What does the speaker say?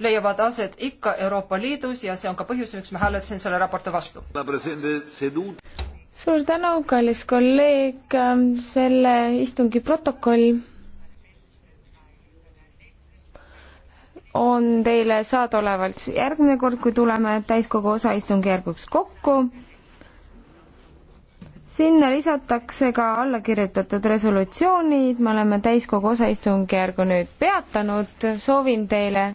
leiavad aset ikka Euroopa Liidus ja see on ka põhjus, miks ma hääletasin selle raporti vastu. suur tänu, kallis kolleeg, ähm, selle istungi protokoll on teile saadaolevalt järgmine kord, kui tuleme täiskogu osaistungjärguks kokku. sinna lisatakse ka allakirjutatud resolutsioonid, me oleme täiskogu osaistungjärgu nüüd peatanud, soovin teile